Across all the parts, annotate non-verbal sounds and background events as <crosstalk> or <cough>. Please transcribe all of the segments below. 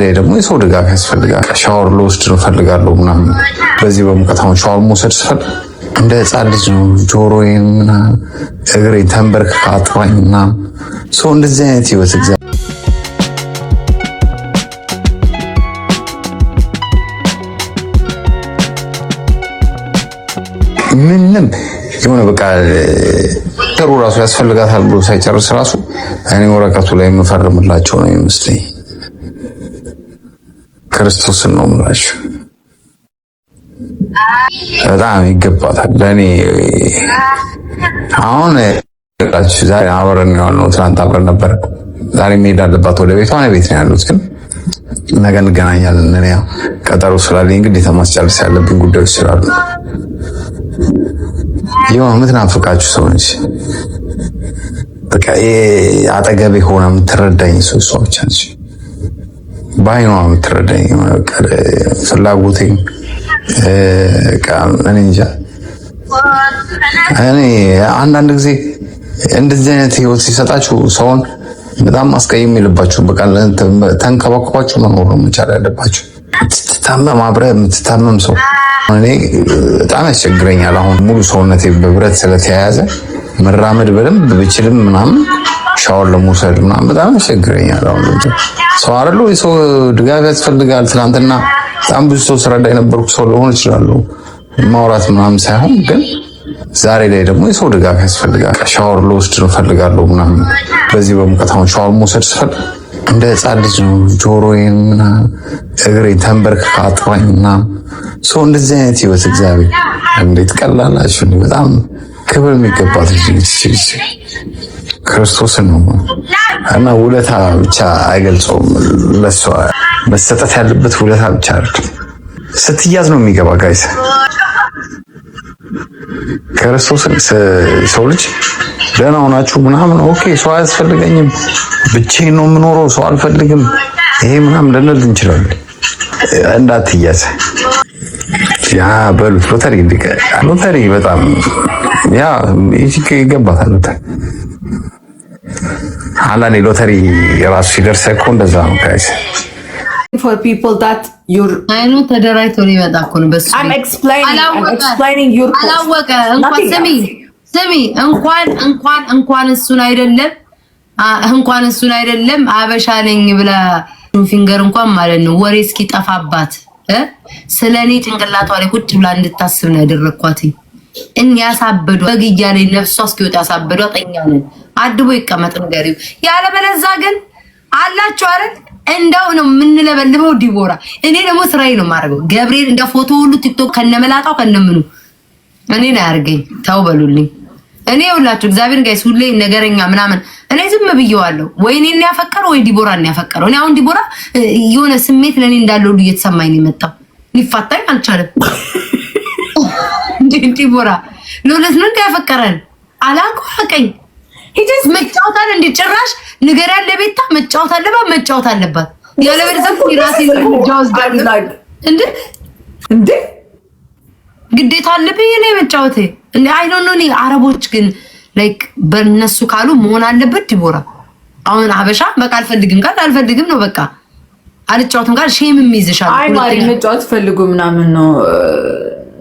ላይ ደግሞ የሰው ድጋፍ ያስፈልጋል። ሻወር ልወስድ ነው ምናምን በዚህ በሙቀት አሁን ሻወር መውሰድ ስፈል እንደ ሕፃን ልጅ ነው ጆሮዬን ምናምን እግሬን ተንበርክ አጥባኝ ምናምን ሰው እንደዚህ አይነት ህይወት እግዚ ምንም የሆነ በቃ ጥሩ ራሱ ያስፈልጋታል ብሎ ሳይጨርስ ራሱ እኔ ወረቀቱ ላይ የምፈርምላቸው ነው ይመስለኝ። ክርስቶስን ነው የምላችሁ። በጣም ይገባታል። ለእኔ አሁን ላችሁ ዛሬ አብረን የዋልነው ትናንት አብረን ነበር። ዛሬ መሄድ አለባት ወደ ቤቷ። እኔ ቤት ነው ያሉት፣ ግን ነገ እንገናኛለን። እኔ ቀጠሮ ስላለኝ እንግዲህ ማስጨረስ ያለብኝ ጉዳዮች ስላሉ ይሆን ምትናፍቃችሁ ሰው እንጂ በቃ አጠገቤ ሆና የምትረዳኝ ሰው እሷ ብቻ ነች። በአይኗ የምትረዳኝ ፍላጎቴን እኔ እንጃ። እኔ አንዳንድ ጊዜ እንደዚህ አይነት ህይወት ሲሰጣችሁ ሰውን በጣም አስቀይም የለባችሁ። በቃ ተንከባከባችሁ መኖር ነው መቻል ያለባችሁ። የምትታመም አብረህ የምትታመም ሰው እኔ በጣም ያስቸግረኛል። አሁን ሙሉ ሰውነቴ በብረት ስለተያያዘ መራመድ በደንብ ብችልም ምናምን ሻወር ለመውሰድ ምናምን በጣም ያስቸግረኛል። አሁን ሰው አይደለሁ የሰው ድጋፍ ያስፈልጋል። ትናንትና በጣም ብዙ ሰው ስረዳ የነበርኩ ሰው ልሆን እችላለሁ። ማውራት ምናምን ሳይሆን ግን ዛሬ ላይ ደግሞ የሰው ድጋፍ ያስፈልጋል። ሻወር ልወስድ ነው እፈልጋለሁ ምናምን በዚህ በሙቀት አሁን ሻወር መውሰድ ስፈልግ እንደ ህፃን ልጅ ነው ጆሮዬን ምናምን እግሬን ተንበርክካ አጥባኝ ምናምን ሰው እንደዚህ አይነት ህይወት እግዚአብሔር እንዴት ቀላላችሁ! በጣም ክብር የሚገባት ልጅ ክርስቶስን ነው እና ውለታ ብቻ አይገልጸውም። ለሷ መሰጠት ያለበት ውለታ ብቻ አይደለም። ስትያዝ ነው የሚገባ ጋይስ። ክርስቶስን ሰው ልጅ ደህና ሆናችሁ ምናምን ኦኬ፣ ሰው አያስፈልገኝም፣ ብቻዬን ነው የምኖረው፣ ሰው አልፈልግም፣ ይሄ ምናምን ልንል እንችላለን። እንዳትያዝ ያ በሉት ሎተሪ ሎተሪ በጣም ያ ይገባታል። አላን ሎተሪ ራሱ ሲደርስ እኮ እንደዛ ነው። ጋይስ for people that your I know I'm explaining I'm explaining your ስሚ እንኳን እንኳን እንኳን እሱን አይደለም እንኳን እሱን አይደለም አበሻ ነኝ ብላ ፊንገር እንኳን ማለት ነው ወሬ እስኪ ጠፋባት ስለ እኔ ጭንቅላቷ ላይ ቁጭ ብላ እንድታስብ ነው ያደረግኳትኝ። እን ያሳበዷ በግያ ላይ ነፍሷ እስኪወጣ ያሳበዷ ጠኛ ነን አድቦ ይቀመጥ ንገሪው። ያለበለዛ ግን አላችሁ አይደል እንደው ነው የምንለበልበው። ዲቦራ እኔ ደግሞ ስራዬ ነው የማደርገው። ገብርኤል እንደ ፎቶ ሁሉ ቲክቶክ ከነመላጣው ከነምኑ እኔ እኔን አያርገኝ ተው በሉልኝ። እኔ ሁላችሁ እግዚአብሔር ጋይስ ሁሌ ነገረኛ ምናምን እኔ ዝም ብየዋለሁ። ወይ እኔን ያፈቀረው ወይ ዲቦራ ነው ያፈቀረው። እኔ አሁን ዲቦራ የሆነ ስሜት ለእኔ እንዳለው ሁሉ እየተሰማኝ ነው የመጣው። ሊፋታኝ አልቻለም። <laughs> ዲቦራ ለሁለት ነው እንደ ያፈቀረን አላውቀው አቀኝ ሂጅስ መጫወታል እንዲጭራሽ ንገሪያ ለቤታ መጫወት አለባት መጫወት አለባት። ያለበለዚያ እኮ ራሴ ልጃውዝ ዳልላል እንዴ እንዴ ግዴታ አለብኝ እኔ መጫወቴ እንዴ አይ ዶንት ኖ አረቦች ግን ላይክ በእነሱ ካሉ መሆን አለበት። ዲቦራ አሁን ሀበሻ በቃ አልፈልግም ካል አልፈልግም ነው በቃ አልጫወትም ጋር ሼም የሚይዝሻል። አይ ማሪ መጫወት ፈልጉ ምናምን ነው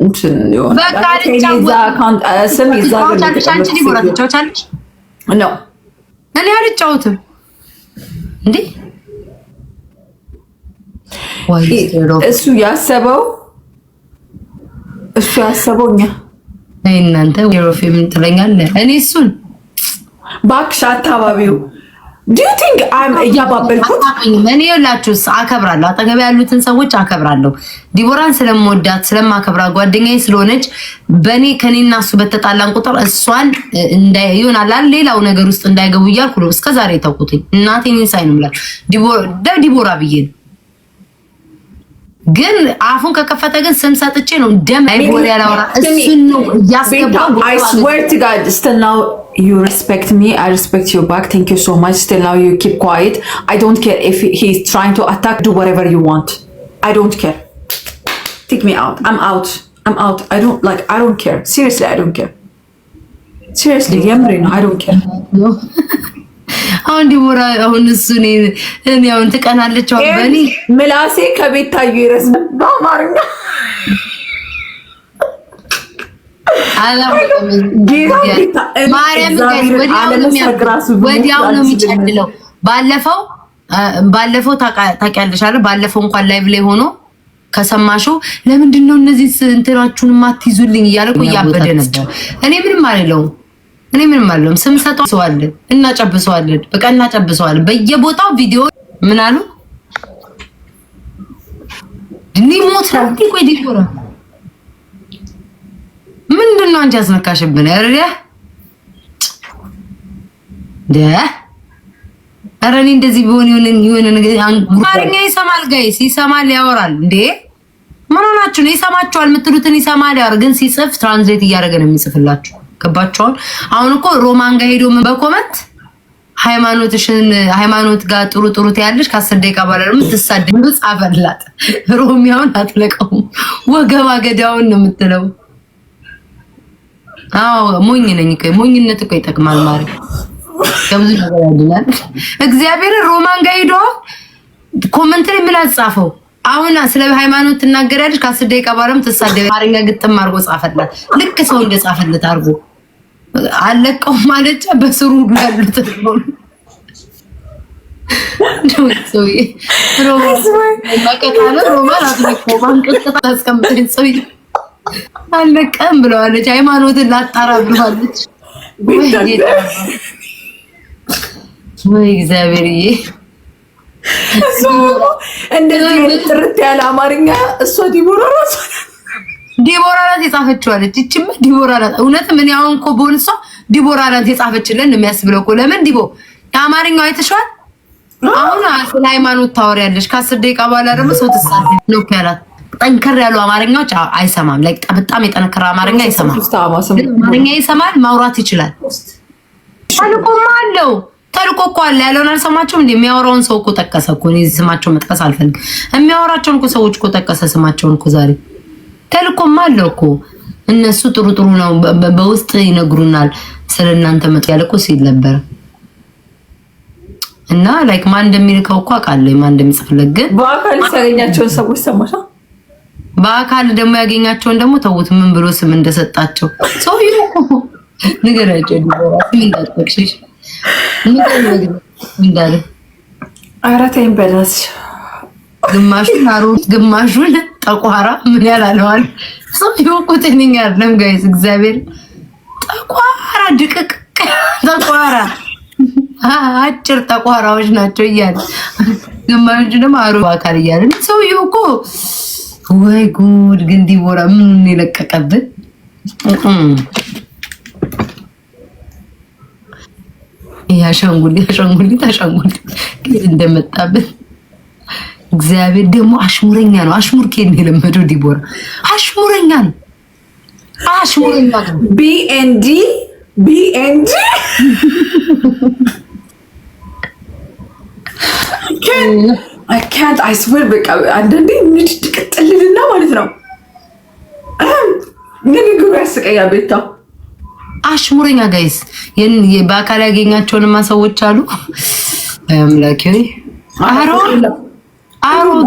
እንትን ይሆናል። በቃ አልጫወትም ስም ይዛል። አንቺ ዲቦራ ትጫወቻለሽ ነው እኔ አልጫወትም እንዴ እሱ ያሰበው እሱ ያሰበው እኛ እናንተ ሮፌ ምን ትለኛለህ እኔ እሱን ባክሽ አታባቢው ዲዩቲንግ እያባበልኩት እኔ የላችሁ አከብራለሁ። አጠገብ ያሉትን ሰዎች አከብራለሁ። ዲቦራን ስለምወዳት ስለማከብራት ጓደኛዬ ስለሆነች በእኔ ከኔና እሱ በተጣላን ቁጥር እሷን ይሆናላል ሌላው ነገር ውስጥ እንዳይገቡ እያልኩ ነው እስከዛሬ የተውኩትኝ። እናቴ ሳይ ነው የምላችሁ ዲቦራ ብዬ ነው I swear to God still now you respect me I respect you back thank you so much still now you keep quiet I don't care if he is trying to attack do whatever you want I don't care take me out I'm out I'm out I don't like I don't care seriously I don't care seriously I don't care <laughs> አሁን ዲቦራ አሁን እሱ እኔ አሁን ትቀናለች። አሁን በእኔ ምላሴ ከቤት ታዩ ይረስ በአማርኛ ወዲያው ነው የሚጨልለው። ባለፈው ባለፈው ታውቂያለሽ አይደል? ባለፈው እንኳን ላይቭ ላይ ሆኖ ከሰማሽው ለምንድን ነው እነዚህ እንትናችሁን ማትይዙልኝ እያለ እኮ እያበደ ነበር። እኔ ምንም አልለውም እኔ ምንም አለውም። ስም ሰጠዋለን፣ እናጨብሰዋለን፣ በቃ እናጨብሰዋለን። በየቦታው ቪዲዮ ምን አሉ ሊሞት ነው። ቆይ ዲኮራ ምንድን ነው አንቺ ያስነካሽብን? ኧረ ኧረ እኔ እንደዚህ ቢሆን የሆነ ነገር አማርኛ ይሰማል፣ ጋይስ ይሰማል፣ ያወራል። እንዴ ምን ሆናችሁ ነው? ይሰማችኋል የምትሉትን ይሰማል፣ ያወራል። ግን ሲጽፍ ትራንስሌት እያደረገ ነው የሚጽፍላችሁ ገባቸውን አሁን እኮ ሮማን ጋር ሄዶ ምን በኮመንት ሃይማኖትሽን ሃይማኖት ጋር ጥሩ ጥሩ ትያለሽ ከአስር ደቂቃ በኋላ ደግሞ ትሳደብ ጻፈላት። ሮሚያውን አትለቀውም ወገባ ገዳውን ነው የምትለው። አዎ ሞኝ ነኝ እኮ ሞኝነት እኮ ይጠቅማል ማሪ ከብዙ ነገር ያድናል። እግዚአብሔር ሮማን ጋር ሄዶ ኮመንት ላይ ምን አጻፈው? አሁን ስለ ሃይማኖት ትናገሪያለሽ ከአስር ደቂቃ በኋላ ደግሞ ትሳደብ። አማርኛ ግጥም አድርጎ ጻፈላት ልክ ሰው እንደጻፈለት አድርጎ አለቀው ማለጫ በስሩ ያሉት አለቀም ብለዋለች። ሃይማኖትን ላጣራ ብለዋለች። ወይ እግዚአብሔርዬ እንደዚህ ጥርት ያለ አማርኛ እሷ ዲቦራ ራሷ ዲቦራ ናት የጻፈችው አለች። ይቺም ዲቦራ ናት። እውነትም እኔ አሁን እኮ ቦንሷ ዲቦራ ናት የጻፈችልን የሚያስብለው እኮ ለምን ዲቦ የአማርኛው አይተሽዋል። አሁን ስለ ሃይማኖት ታወሪያለሽ። ከአስር ደቂቃ በኋላ ደግሞ ሰው ትሳት ነው ያላት። ጠንከር ያሉ አማርኛዎች አይሰማም። ላይ በጣም የጠነከረ አማርኛ አይሰማም። አማርኛ ይሰማል፣ ማውራት ይችላል። ተልኮማ አለው ተልኮ እኮ አለ። ያለውን አልሰማቸውም። እንዴ? የሚያወራውን ሰው እኮ ጠቀሰ እኮ። እኔ ስማቸውን መጥቀስ አልፈልግም። የሚያወራቸውን እኮ ሰዎች እኮ ጠቀሰ ስማቸውን እኮ ዛሬ ተልኮም አለው እኮ እነሱ ጥሩ ጥሩ ነው በውስጥ ይነግሩናል። ስለ እናንተ መጥ ያለ እኮ ሲል ነበር እና ላይክ ማን እንደሚልከው እኮ አውቃለሁ፣ ማን እንደሚጽፍለት ግን በአካል ያገኛቸውን ሰዎች ሰማሻ። በአካል ደግሞ ያገኛቸውን ደግሞ ተውት፣ ምን ብሎ ስም እንደሰጣቸው ሰውዬው ንገራቸው። ዲቦራ እንዳልኩሽ እንዳለ አራተኝ በላስ ግማሹን አሮት ግማሹን ጠቋራ ምን ያላለዋል ሰው ይወቁት። እኔ አይደለም ጋይስ እግዚአብሔር ጠቋራ ድቅቅ ጠቋራ አጭር ጠቋራዎች ናቸው እያለ ግማሹ ደግሞ አሮ አካል እያለ ሰውዬው እኮ ወይ ጉድ! ግን ዲቦራ ምን የለቀቀብን የአሻንጉሊት አሻንጉሊት አሻንጉሊት እንደመጣብን እግዚአብሔር ደግሞ አሽሙረኛ ነው። አሽሙር ኬን የለመደው ዲቦራ አሽሙረኛ ነው። አሽሙረኛ ቢኤንዲ ቢኤንዲ በቃ አንዳንዴ ንድድ ቅጥልልና ማለት ነው። ንግግሩ ያስቀያ ቤታ አሽሙረኛ ጋይስ በአካል ያገኛቸውንማ ሰዎች አሉ አምላኪ algo